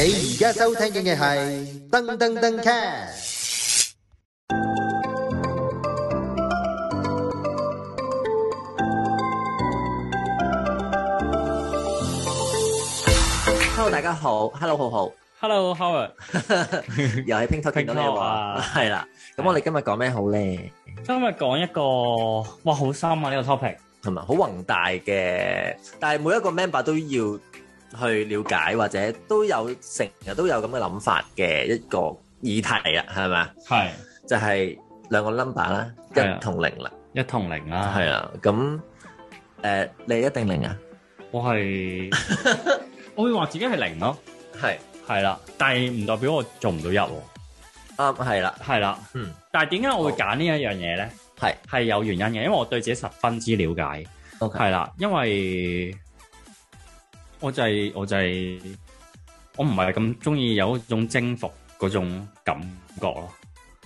你而家收聽嘅係噔噔噔 cast。Hello，大家好。Hello，浩浩。Hello，Howard。又係拼多多聽到你話。係啦，咁我哋今日講咩好咧？今日講一個，哇，好深啊呢個 topic，同埋好宏大嘅，但係每一個 member 都要。去了解或者都有成日都有咁嘅諗法嘅一個議題啦，係咪？係就係兩個 number 啦，一同零啦，一同零啦，係啊。咁誒，你一定零啊？我係，我會話自己係零咯。係係啦，但係唔代表我做唔到一喎。啱係啦，係啦，嗯。但係點解我會揀呢一樣嘢咧？係係有原因嘅，因為我對自己十分之瞭解。OK，係啦，因為。我就係、是、我就係、是、我唔係咁中意有一種征服嗰種感覺咯，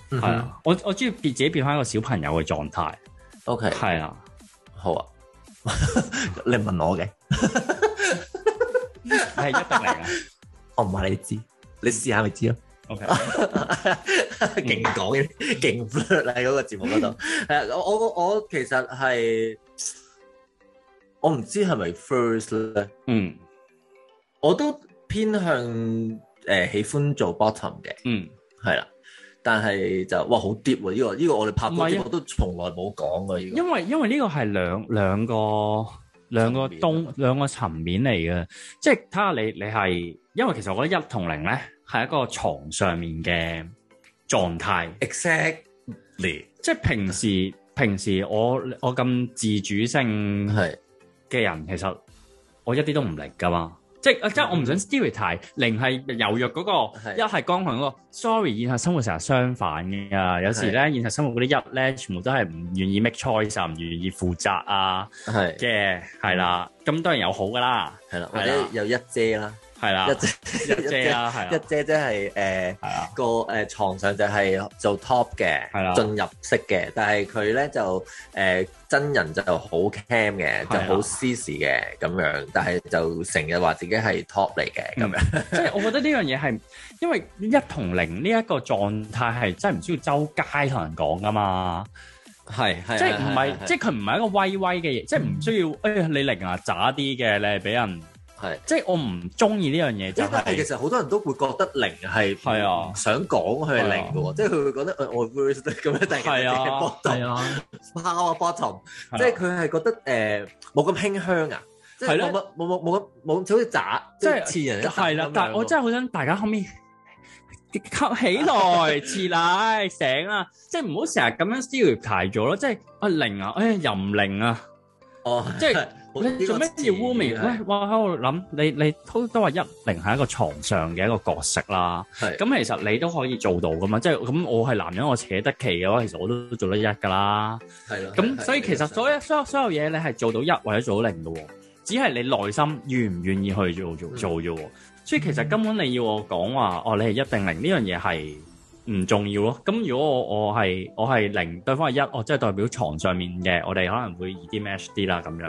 係啊、嗯哼，我我中意變自己變翻一個小朋友嘅狀態。O K，係啊，的好啊， 你問我嘅， 你係得嚟啊，我唔話你知，你試下咪知咯。O K，勁講勁，喺嗰個節目嗰度係啊，我我我其實係。我唔知係咪 first 咧，嗯，我都偏向誒、呃、喜歡做 bottom 嘅，嗯，係啦，但係就哇好 deep 喎、啊！依、呢個依、呢個我哋拍過。是我都從來冇講過依個因，因為因為呢個係兩兩個兩個冬面兩個層面嚟嘅。即係睇下你你係因為其實我覺得一同零咧係一個床上面嘅狀態，exactly，即係平時平時我我咁自主性係。 嘅人其實我一啲都唔力噶嘛，即係 即係我唔想 stereotype 零係柔弱嗰、嗰個，是一係剛強嗰個。Sorry，現實生活成日相反㗎，是有時咧現實生活嗰啲一咧，全部都係唔願意 make choice，唔願意負責啊，係嘅是，係啦。咁、嗯、當然有好㗎啦，係啦，或者有一遮啦。係啦，一姐，啦，係一姐，即係誒個誒牀上就係做 top 嘅，進入式嘅。但係佢咧就誒真人就好 cam 嘅，就好 CC 嘅咁樣。但係就成日話自己係 top 嚟嘅咁樣。即係我覺得呢樣嘢係因為一同零呢一個狀態係真係唔需要周街同人講噶嘛。係，即係唔係即係佢唔係一個威威嘅嘢，即係唔需要誒你零啊渣啲嘅，你係俾人。係，即係我唔中意呢樣嘢，即係其實好多人都會覺得零係，係啊，想講佢係零嘅喎，即係佢會覺得我會咁樣突然間跌啊」，「頭，power bottom 即係佢係覺得誒冇咁輕香啊，即係冇冇冇冇冇冇」，好似渣，即係黐人，係啦，但係我真係好想大家後面吸起來，黐奶醒啊，即係唔好成日咁樣 serious 咗咯，即係啊零啊，誒又唔零啊，哦，即係。做咩要污名咧的？我喺度諗，你你都都話一零係一個床上嘅一個角色啦。咁的、嗯、其實你都可以做到噶嘛，即係咁、嗯、我係男人，我扯得旗嘅話，其實我都做得一噶啦。係咯，咁所以的其實的所有所有所有嘢你係做到一或者做到零噶，只係你內心願唔願意去做、嗯、做做啫。嗯、所以其實根本你要我講話，哦，你係一定零呢樣嘢係。唔重要咯。咁如果我我係我係零，對方係一，我即係代表床上面嘅，我哋可能會易啲、match 啲啦咁樣。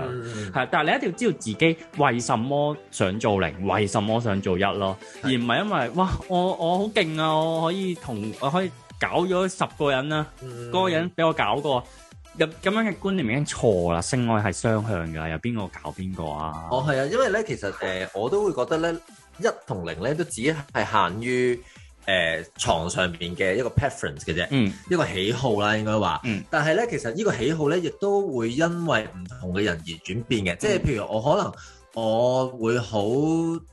係、嗯，但係你一定要知道自己為什麼想做零，為什麼想做一咯，是而唔係因為哇，我我好勁啊，我可以同我可以搞咗十個人啦、啊，嗰、嗯、個人俾我搞過。入咁樣嘅觀念已經錯啦，性愛係雙向㗎，由邊個搞邊個啊？哦，係啊，因為咧其實誒、呃、我都會覺得咧一同零咧都只係限於，誒牀上邊嘅一個 preference 嘅啫，一個喜好啦，應該話。但係咧，其實呢個喜好咧，亦都會因為唔同嘅人而轉變嘅。即係譬如我可能我會好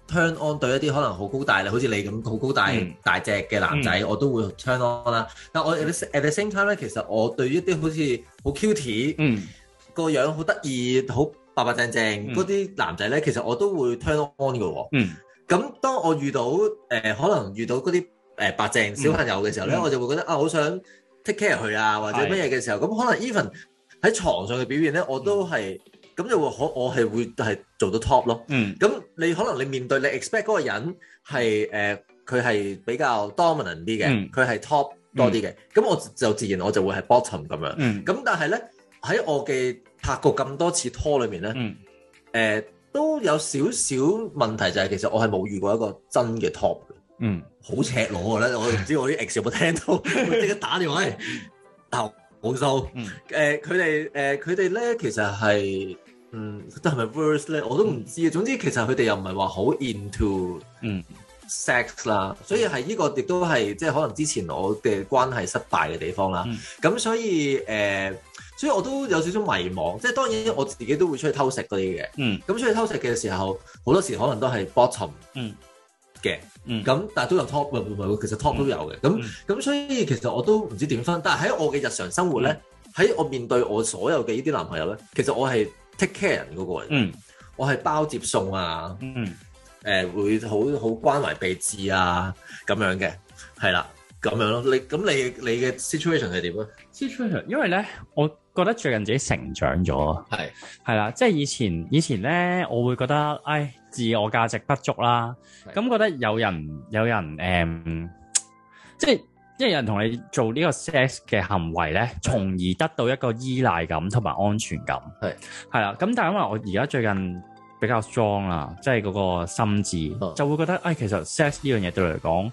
turn on 對一啲可能好高大，好似你咁好高大大隻嘅男仔，我都會 turn on 啦。但我 at the same time 咧，其實我對一啲好似好 cute 個樣好得意、好白白淨淨嗰啲男仔咧，其實我都會 turn on 嘅喎。咁當我遇到誒可能遇到嗰啲。誒白淨小朋友嘅時候咧，mm hmm. 我就會覺得啊，好想 take care 佢啊，或者乜嘢嘅時候，咁是可能 even 喺床上嘅表現咧，我都係咁、mm hmm. 就會可我係會係做到 top 咯。咁、mm hmm. 你可能你面對你 expect 嗰個人係誒佢係比較 dominant 啲嘅，佢係、mm hmm. top 多啲嘅，咁、mm hmm. 我就自然我就會係 bottom 咁樣。咁、mm hmm. 但係咧喺我嘅拍過咁多次拖裏面咧，誒、mm hmm. 呃、都有少少問題，就係其實我係冇遇過一個真嘅 top。嗯，好、mm. 赤裸啊！咧，我唔知我啲 ex 有冇聽到，即刻打電話嚟，但冇收。誒，佢哋誒，佢哋咧，其實係，嗯，都係咪 verse 咧？我都唔知啊。Mm. 總之，其實佢哋又唔係話好 into 嗯 sex 啦，所以係呢個亦都係即係可能之前我嘅關係失敗嘅地方啦。咁、mm. 所以誒、呃，所以我都有少少迷茫。即係當然，我自己都會出去偷食嗰啲嘅。嗯，咁出去偷食嘅時候，好多時可能都係 bottom。嗯、mm. 嘅，咁、嗯、但係都有 top，其實 top 都有嘅，咁咁所以其實我都唔知點分，但係喺我嘅日常生活咧，喺、嗯、我面對我所有嘅呢啲男朋友咧，其實我係 take care 人嗰個人，嗯、我係包接送啊，誒、嗯呃、會好好關懷備至啊咁樣嘅，係啦，咁樣咯，你咁你你嘅 situation 係點咧？situation，因為咧，我覺得最近自己成長咗啊，係係啦，即係、即係、以前以前咧，我會覺得，唉。自我價值不足啦，咁的覺得有人有人誒、嗯，即係即係有人同你做呢個 sex 嘅行為咧，的從而得到一個依賴感同埋安全感。係係啦，咁但係因為我而家最近比較 strong 啦，即係嗰個心智的就會覺得，哎，其實 sex 呢樣嘢對我嚟講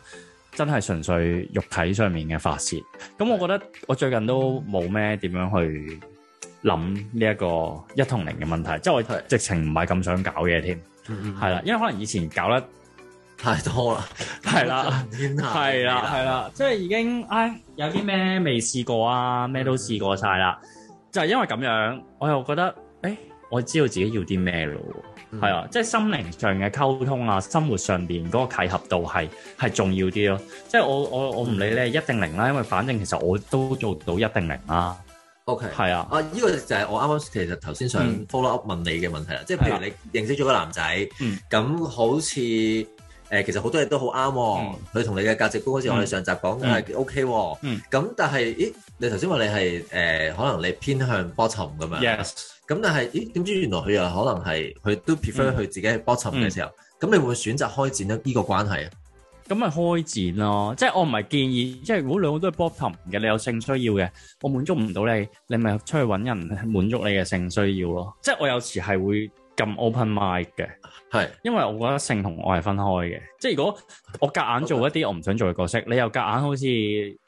真係純粹肉體上面嘅發泄。咁我覺得我最近都冇咩點樣去諗呢一個一同零嘅問題，即係的我直情唔係咁想搞嘢添。係啦， 因為可能以前搞得太多啦，係啦 的，係啦，係啦 的， 即係已經，唉，有啲咩未試過啊，咩都試過晒啦， 就係因為咁樣，我又覺得，誒、欸，我知道自己要啲咩咯，係啊， 即係心靈上嘅溝通啊，生活上邊嗰個契合度係係重要啲咯，即係我我我唔理你一定零啦，因為反正其實我都做到一定零啦。O K. 係啊，啊依、呢個就係我啱啱其實頭先想 follow up、嗯、問你嘅問題啦，即係譬如你認識咗個男仔，咁、嗯、好似誒、呃、其實好多嘢都好啱、哦，佢同、嗯、你嘅價值觀好似我哋上集講都係 O K. 咁，嗯、但係咦你頭先話你係誒、呃、可能你偏向 bottom 噉樣？Yes。咁、嗯、但係咦點知原來佢又可能係佢都 prefer 佢自己係 bottom 嘅時候，咁你會唔會選擇開展咗呢依個關係啊？咁咪開展咯，即係我唔係建議，即係如果兩個都係 bottom 嘅，你有性需要嘅，我滿足唔到你，你咪出去搵人滿足你嘅性需要咯。即係我有時係會咁 open mind 嘅，係是因為我覺得性同我係分開嘅。即係如果我夾硬，硬做一啲我唔想做嘅角色，你又夾硬，硬好似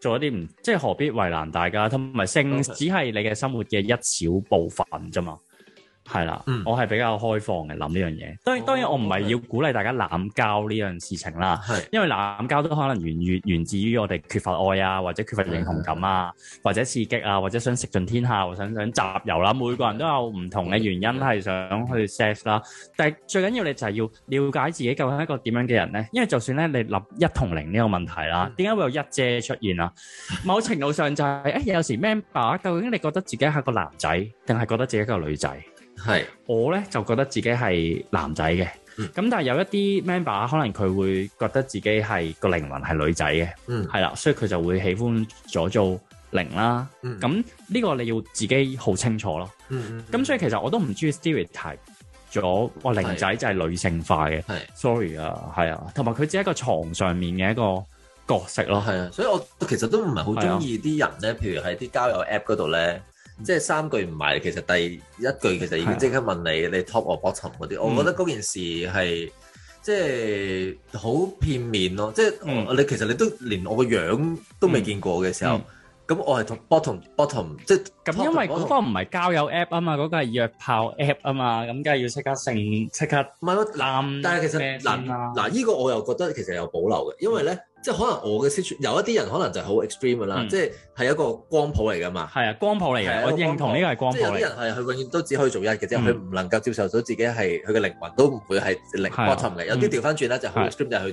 做一啲唔，即係何必為難大家？同埋性只係你嘅生活嘅一小部分啫嘛。係啦，嗯、我係比較開放嘅諗呢樣嘢。當然、哦、當然，我唔係要鼓勵大家濫交呢樣事情啦。的因為濫交都可能源於源自於我哋缺乏愛啊，或者缺乏認同感啊，或者刺激啊，或者想食盡天下，或者想，想集遊啦、啊。每個人都有唔同嘅原因係想去 sex 啦。嗯、但係最緊要你就係要了解自己究竟係一個點樣嘅人呢？因為就算咧你諗一同零呢個問題啦，點解、嗯、會有一姐出現啊？ 某程度上就係、是欸、有時 member 究竟你覺得自己係個男仔定係覺得自己係個女仔？係，是我咧就覺得自己係男仔嘅，咁、嗯、但係有一啲 member 可能佢會覺得自己係個靈魂係女仔嘅，係啦、嗯，所以佢就會喜歡咗做，做靈啦。咁呢、嗯、個你要自己好清楚咯。咁、嗯嗯嗯、所以其實我都唔中意 stereotype 咗，做靈仔就係女性化嘅。係的，sorry 啊，係啊，同埋佢只係一個床上面嘅一個角色咯。係啊，所以我其實都唔係好中意啲人咧，的譬如喺啲交友 app 嗰度咧。即係三句唔係，其實第一句其實已經即刻問你，你 top or bottom，嗰啲，我覺得嗰件事係即係好片面咯，即係你其實你都連我個樣都未見過嘅時候，咁我係 top bottom bottom，即係咁，因為嗰方唔係交友 app 啊嘛，嗰個係約炮 app 啊嘛，咁梗係要即刻成即刻唔係咯，男，但係其實男嗱呢個我又覺得其實有保留嘅，因為咧，即係可能我嘅思潮，有一啲人可能就好 extreme 噶啦，即係係一個光譜嚟噶嘛。係啊，光譜嚟嘅，我認同呢個係光譜。即係有啲人係佢永遠都只可以做一嘅啫，佢唔能夠接受到自己係佢嘅靈魂都唔會係 bottom 嚟。有啲調翻轉啦，就好 extreme 就係佢誒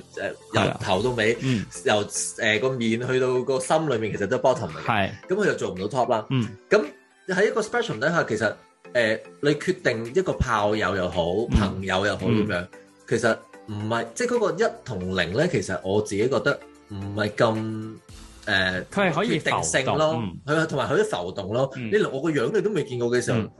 由頭到尾，由誒個面去到個心裏面，其實都係 bottom 嚟。係，咁佢就做唔到 top 啦。咁喺一個 special 底下，其實誒你決定一個炮友又好，朋友又好咁樣，其實。唔係，即係嗰個一同零咧，其實我自己覺得唔係咁誒，佢、呃、係可以決定性，係啊，同埋佢啲浮動咯。嗯、你連我個樣你都未見過嘅時候，嗯、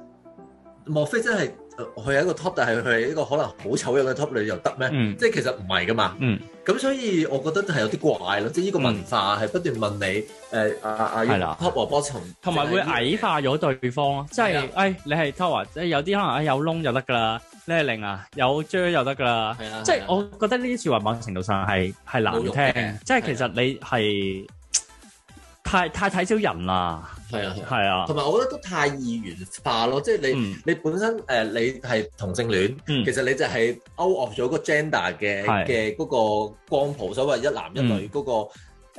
莫非真係？佢係一個 top，但係佢係一個可能好醜樣嘅 top 你又得咩？嗯、即係其實唔係噶嘛。咁、嗯、所以我覺得係有啲怪咯，即係呢個文化係不斷問你誒，阿阿係啦，top 和 bottom，同埋會矮化咗對方咯。即係是誒、啊哎，你係 top 啊，即係有啲可能誒有窿就得噶啦，你係零啊有 jo 又得噶啦。即係、啊、我覺得呢啲説話某程度上係係難聽，即係其實你係。太太睇少人啦，係啊係啊，同埋我覺得都太二元化咯，即係你你本身誒你係同性戀，其實你就係你勾惡咗個 gender 嘅嘅嗰個光譜，所謂一男一女嗰個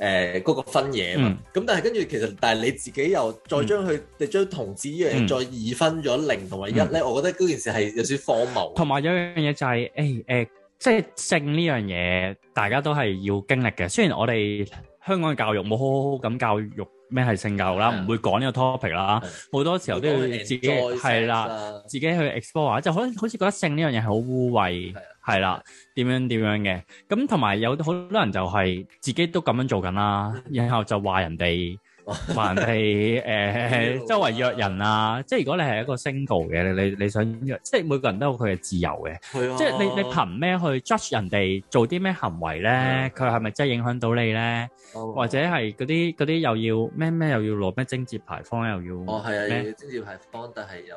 誒嗰個分野嘛。咁但係跟住其實，但係你自己又再將佢你將同志呢樣嘢再二分咗零同埋一咧，我覺得嗰件事係有少荒謬。同埋有樣嘢就係誒誒，即係性呢樣嘢大家都係要經歷嘅，雖然我哋。香港嘅教育冇好好好咁教育咩係性教育的啦，唔會講呢個 topic 啦，好多時候都要自己係啦，自己去 explore，就可能好似覺得性呢的的樣嘢係好污穢，係啦，點樣點樣嘅，咁同埋有好多人就係自己都咁樣做緊啦，然後就話人哋。還係誒周圍約人啊，即係如果你係一個 single 嘅，你你你想約，即係每個人都有佢嘅自由嘅，係啊，即係你你憑咩去 judge 人哋做啲咩行為咧？佢係咪真係影響到你咧？或者係嗰啲嗰啲又要咩咩又要攞咩貞節牌坊又要？哦係啊，貞節牌坊，但係又誒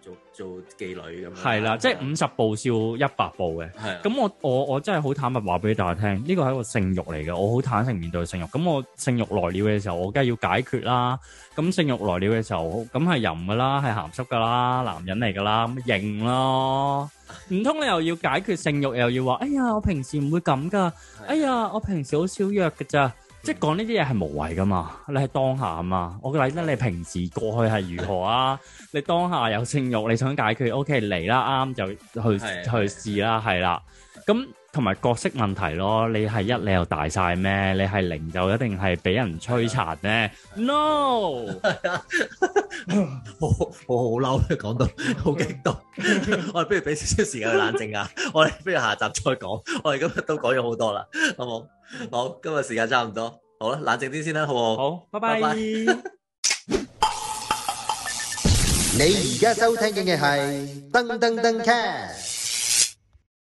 做做妓女咁樣。係啦，即係五十步笑一百步嘅，係。咁我我我真係好坦白話俾大家聽，呢個係一個性欲嚟嘅，我好坦誠面對性欲。咁我性欲來了嘅時候，我梗係要。解決啦，咁、嗯、性慾來了嘅時候，咁係淫噶啦，係鹹濕噶啦，男人嚟噶啦，咁硬咯。唔通你又要解決性慾，又要話，哎呀，我平時唔會咁噶，哎呀，我平時好少約嘅咋，即係講呢啲嘢係無謂噶嘛。你係當下啊嘛，我理得你平時過去係如何啊，你當下有性慾，你想解決，O K 嚟啦，啱、OK，就去的去試啦，係啦，咁。同埋角色問題咯，你係一你又大晒咩？你係零就一定係俾人摧殘咩？No，好，我好嬲，講到好激動，我哋不如俾少少時間去冷靜下，我哋不如下集再講，我哋今日都講咗好多啦，好唔好？好，今日時間差唔多，好啦，冷靜啲先啦，好唔好？好，拜拜。你而家收聽緊嘅係噔噔噔 cast。